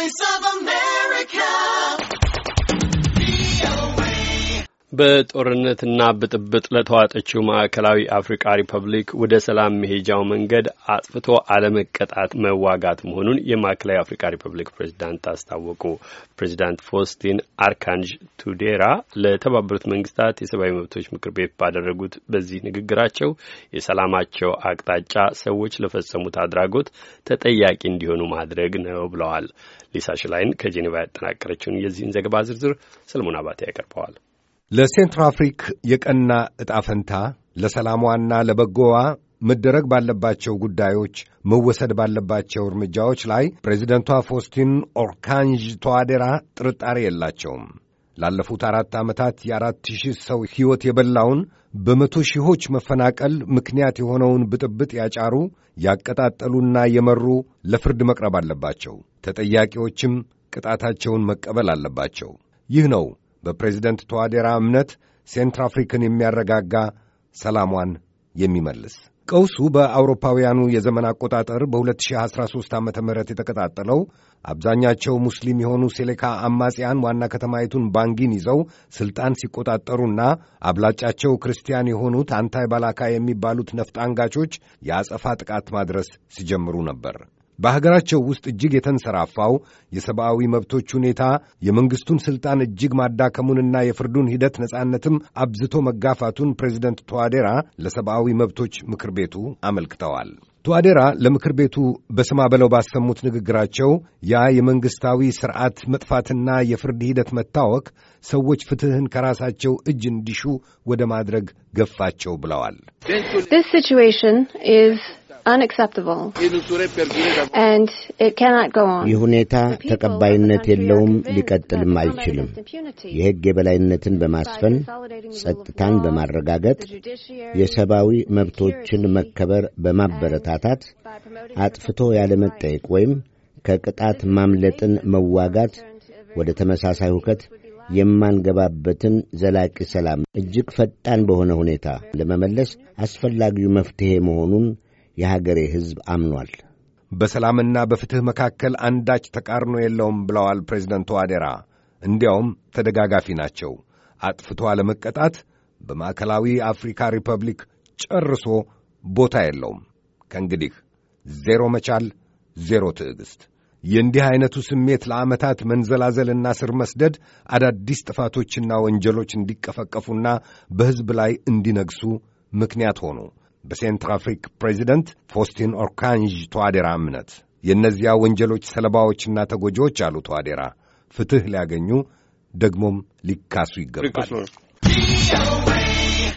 Voice of America. በጦርነትና ብጥብጥ ለተዋጠችው ማዕከላዊ አፍሪካ ሪፐብሊክ ወደ ሰላም መሄጃው መንገድ አጥፍቶ አለመቀጣት መዋጋት መሆኑን የማዕከላዊ አፍሪካ ሪፐብሊክ ፕሬዚዳንት አስታወቁ። ፕሬዚዳንት ፎስቲን አርካንጅ ቱዴራ ለተባበሩት መንግስታት የሰብአዊ መብቶች ምክር ቤት ባደረጉት በዚህ ንግግራቸው የሰላማቸው አቅጣጫ ሰዎች ለፈጸሙት አድራጎት ተጠያቂ እንዲሆኑ ማድረግ ነው ብለዋል። ሊሳ ሽላይን ከጄኔቫ ያጠናቀረችውን የዚህን ዘገባ ዝርዝር ሰለሞን አባቴ ያቀርበዋል። አፍሪክ የቀና ዕጣ ፈንታ ለሰላሟና ለበጎዋ መደረግ ባለባቸው ጉዳዮች መወሰድ ባለባቸው እርምጃዎች ላይ ፕሬዚደንቷ ፎስቲን ኦርካንጅ ተዋዴራ ጥርጣሬ የላቸውም። ላለፉት አራት ዓመታት የአራት ሺህ ሰው ሕይወት የበላውን በመቶ ሺዎች መፈናቀል ምክንያት የሆነውን ብጥብጥ ያጫሩ፣ ያቀጣጠሉና የመሩ ለፍርድ መቅረብ አለባቸው። ተጠያቂዎችም ቅጣታቸውን መቀበል አለባቸው። ይህ ነው በፕሬዚደንት ተዋዴራ እምነት ሴንትር አፍሪክን የሚያረጋጋ ሰላሟን የሚመልስ ቀውሱ በአውሮፓውያኑ የዘመን አቆጣጠር በ2013 ዓ ም የተቀጣጠለው አብዛኛቸው ሙስሊም የሆኑ ሴሌካ አማጺያን ዋና ከተማይቱን ባንጊን ይዘው ሥልጣን ሲቆጣጠሩና አብላጫቸው ክርስቲያን የሆኑት አንታይ ባላካ የሚባሉት ነፍጣንጋቾች አንጋቾች የአጸፋ ጥቃት ማድረስ ሲጀምሩ ነበር። በሀገራቸው ውስጥ እጅግ የተንሰራፋው የሰብአዊ መብቶች ሁኔታ የመንግሥቱን ሥልጣን እጅግ ማዳከሙንና የፍርዱን ሂደት ነጻነትም አብዝቶ መጋፋቱን ፕሬዚደንት ቱዋዴራ ለሰብአዊ መብቶች ምክር ቤቱ አመልክተዋል። ቱዋዴራ ለምክር ቤቱ በስማ በለው ባሰሙት ንግግራቸው ያ የመንግሥታዊ ሥርዓት መጥፋትና የፍርድ ሂደት መታወክ ሰዎች ፍትሕን ከራሳቸው እጅ እንዲሹ ወደ ማድረግ ገፋቸው ብለዋል። unacceptable and it cannot go on ይህ ሁኔታ ተቀባይነት የለውም፣ ሊቀጥልም አይችልም። የሕግ የበላይነትን በማስፈን ጸጥታን በማረጋገጥ የሰብአዊ መብቶችን መከበር በማበረታታት አጥፍቶ ያለመጠየቅ ወይም ከቅጣት ማምለጥን መዋጋት ወደ ተመሳሳይ ሁከት የማንገባበትን ዘላቂ ሰላም እጅግ ፈጣን በሆነ ሁኔታ ለመመለስ አስፈላጊው መፍትሔ መሆኑን የሀገሬ ሕዝብ አምኗል። በሰላምና በፍትሕ መካከል አንዳች ተቃርኖ የለውም ብለዋል ፕሬዚደንቱ አዴራ። እንዲያውም ተደጋጋፊ ናቸው። አጥፍቶ አለመቀጣት በማዕከላዊ አፍሪካ ሪፐብሊክ ጨርሶ ቦታ የለውም። ከእንግዲህ ዜሮ መቻል፣ ዜሮ ትዕግሥት። የእንዲህ ዐይነቱ ስሜት ለዓመታት መንዘላዘልና ስር መስደድ አዳዲስ ጥፋቶችና ወንጀሎች እንዲቀፈቀፉና በሕዝብ ላይ እንዲነግሱ ምክንያት ሆኑ። በሴንትራፍሪክ ፕሬዚደንት ፎስቲን ኦርካንዥ ተዋዴራ እምነት የእነዚያ ወንጀሎች ሰለባዎችና ተጎጂዎች አሉ ተዋዴራ ፍትሕ ሊያገኙ ደግሞም ሊካሱ ይገባል።